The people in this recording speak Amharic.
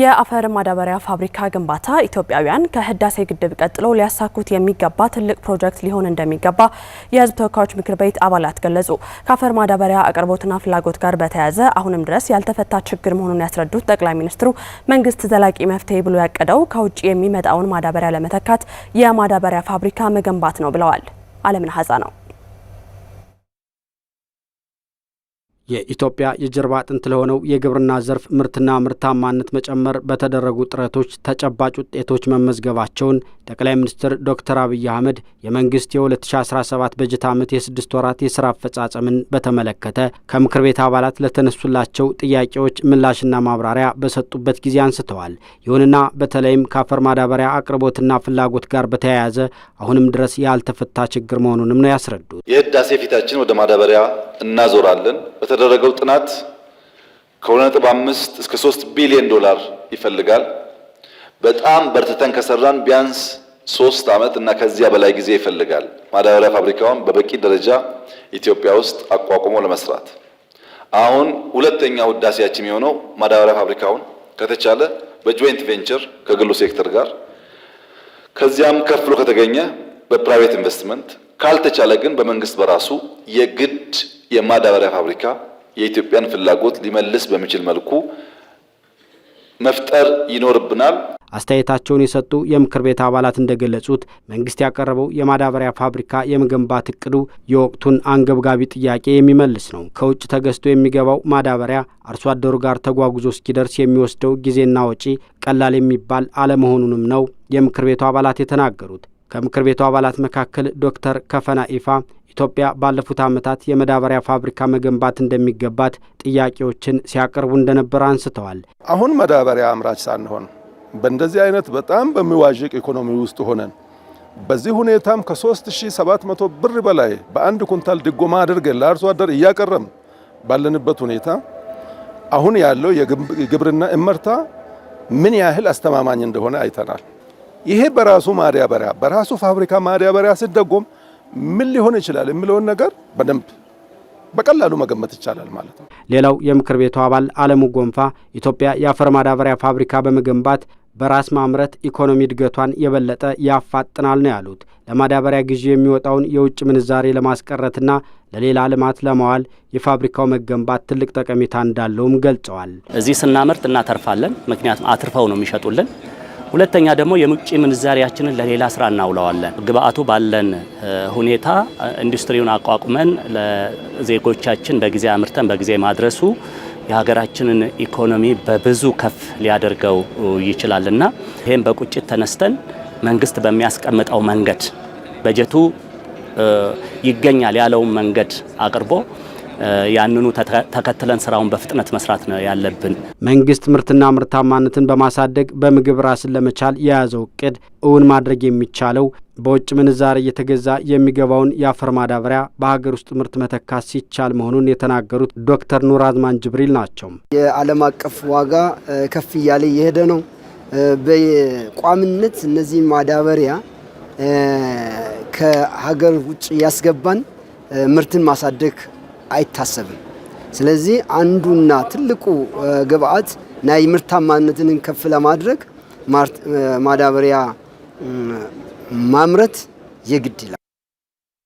የአፈር ማዳበሪያ ፋብሪካ ግንባታ ኢትዮጵያውያን ከህዳሴ ግድብ ቀጥሎ ሊያሳኩት የሚገባ ትልቅ ፕሮጀክት ሊሆን እንደሚገባ የህዝብ ተወካዮች ምክር ቤት አባላት ገለጹ። ከአፈር ማዳበሪያ አቅርቦትና ፍላጎት ጋር በተያያዘ አሁንም ድረስ ያልተፈታ ችግር መሆኑን ያስረዱት ጠቅላይ ሚኒስትሩ መንግስት ዘላቂ መፍትሄ ብሎ ያቀደው ከውጭ የሚመጣውን ማዳበሪያ ለመተካት የማዳበሪያ ፋብሪካ መገንባት ነው ብለዋል። አለምን ሀዛ ነው። የኢትዮጵያ የጀርባ አጥንት ለሆነው የግብርና ዘርፍ ምርትና ምርታማነት መጨመር በተደረጉ ጥረቶች ተጨባጭ ውጤቶች መመዝገባቸውን ጠቅላይ ሚኒስትር ዶክተር አብይ አህመድ የመንግስት የ2017 በጀት ዓመት የስድስት ወራት የስራ አፈጻጸምን በተመለከተ ከምክር ቤት አባላት ለተነሱላቸው ጥያቄዎች ምላሽና ማብራሪያ በሰጡበት ጊዜ አንስተዋል። ይሁንና በተለይም ከአፈር ማዳበሪያ አቅርቦትና ፍላጎት ጋር በተያያዘ አሁንም ድረስ ያልተፈታ ችግር መሆኑንም ነው ያስረዱት። የህዳሴ ፊታችን ወደ ማዳበሪያ እናዞራለን የተደረገው ጥናት ከ2.5 እስከ 3 ቢሊዮን ዶላር ይፈልጋል። በጣም በርትተን ከሰራን ቢያንስ ሶስት ዓመት እና ከዚያ በላይ ጊዜ ይፈልጋል። ማዳበሪያ ፋብሪካውን በበቂ ደረጃ ኢትዮጵያ ውስጥ አቋቁሞ ለመስራት አሁን ሁለተኛ ውዳሴያችን የሚሆነው ማዳበሪያ ፋብሪካውን ከተቻለ በጆይንት ቬንቸር ከግሉ ሴክተር ጋር ከዚያም ከፍሎ ከተገኘ በፕራይቬት ኢንቨስትመንት ካልተቻለ ግን በመንግስት በራሱ የግድ የማዳበሪያ ፋብሪካ የኢትዮጵያን ፍላጎት ሊመልስ በሚችል መልኩ መፍጠር ይኖርብናል። አስተያየታቸውን የሰጡ የምክር ቤት አባላት እንደገለጹት መንግስት ያቀረበው የማዳበሪያ ፋብሪካ የመገንባት እቅዱ የወቅቱን አንገብጋቢ ጥያቄ የሚመልስ ነው። ከውጭ ተገዝቶ የሚገባው ማዳበሪያ አርሶ አደሩ ጋር ተጓጉዞ እስኪደርስ የሚወስደው ጊዜና ወጪ ቀላል የሚባል አለመሆኑንም ነው የምክር ቤቱ አባላት የተናገሩት። ከምክር ቤቱ አባላት መካከል ዶክተር ከፈና ኢፋ ኢትዮጵያ ባለፉት ዓመታት የመዳበሪያ ፋብሪካ መገንባት እንደሚገባት ጥያቄዎችን ሲያቀርቡ እንደነበረ አንስተዋል። አሁን መዳበሪያ አምራች ሳንሆን በእንደዚህ አይነት በጣም በሚዋዥቅ ኢኮኖሚ ውስጥ ሆነን በዚህ ሁኔታም ከ3700 ብር በላይ በአንድ ኩንታል ድጎማ አድርገን ለአርሶ አደር እያቀረም ባለንበት ሁኔታ አሁን ያለው የግብርና እመርታ ምን ያህል አስተማማኝ እንደሆነ አይተናል። ይሄ በራሱ ማዳበሪያ በራሱ ፋብሪካ ማዳበሪያ ሲደጎም ምን ሊሆን ይችላል የሚለውን ነገር በደንብ በቀላሉ መገመት ይቻላል ማለት ነው። ሌላው የምክር ቤቱ አባል አለሙ ጎንፋ ኢትዮጵያ የአፈር ማዳበሪያ ፋብሪካ በመገንባት በራስ ማምረት ኢኮኖሚ እድገቷን የበለጠ ያፋጥናል ነው ያሉት። ለማዳበሪያ ግዢ የሚወጣውን የውጭ ምንዛሬ ለማስቀረትና ለሌላ ልማት ለማዋል የፋብሪካው መገንባት ትልቅ ጠቀሜታ እንዳለውም ገልጸዋል። እዚህ ስናመርት እናተርፋለን። ምክንያቱም አትርፈው ነው የሚሸጡልን ሁለተኛ ደግሞ የውጭ ምንዛሪያችንን ለሌላ ስራ እናውለዋለን። ግብአቱ ባለን ሁኔታ ኢንዱስትሪውን አቋቁመን ለዜጎቻችን በጊዜ አምርተን በጊዜ ማድረሱ የሀገራችንን ኢኮኖሚ በብዙ ከፍ ሊያደርገው ይችላልና ይህም በቁጭት ተነስተን መንግስት በሚያስቀምጠው መንገድ በጀቱ ይገኛል ያለውን መንገድ አቅርቦ ያንኑ ተከትለን ስራውን በፍጥነት መስራት ነው ያለብን። መንግስት ምርትና ምርታማነትን በማሳደግ በምግብ ራስን ለመቻል የያዘው እቅድ እውን ማድረግ የሚቻለው በውጭ ምንዛሪ እየተገዛ የሚገባውን የአፈር ማዳበሪያ በሀገር ውስጥ ምርት መተካት ሲቻል መሆኑን የተናገሩት ዶክተር ኑር አዝማን ጅብሪል ናቸው። የዓለም አቀፍ ዋጋ ከፍ እያለ እየሄደ ነው። በቋምነት እነዚህ ማዳበሪያ ከሀገር ውጭ እያስገባን ምርትን ማሳደግ አይታሰብም። ስለዚህ አንዱና ትልቁ ግብአት ናይ ምርታማነትን ከፍ ለማድረግ ማዳበሪያ ማምረት የግድ ይላል።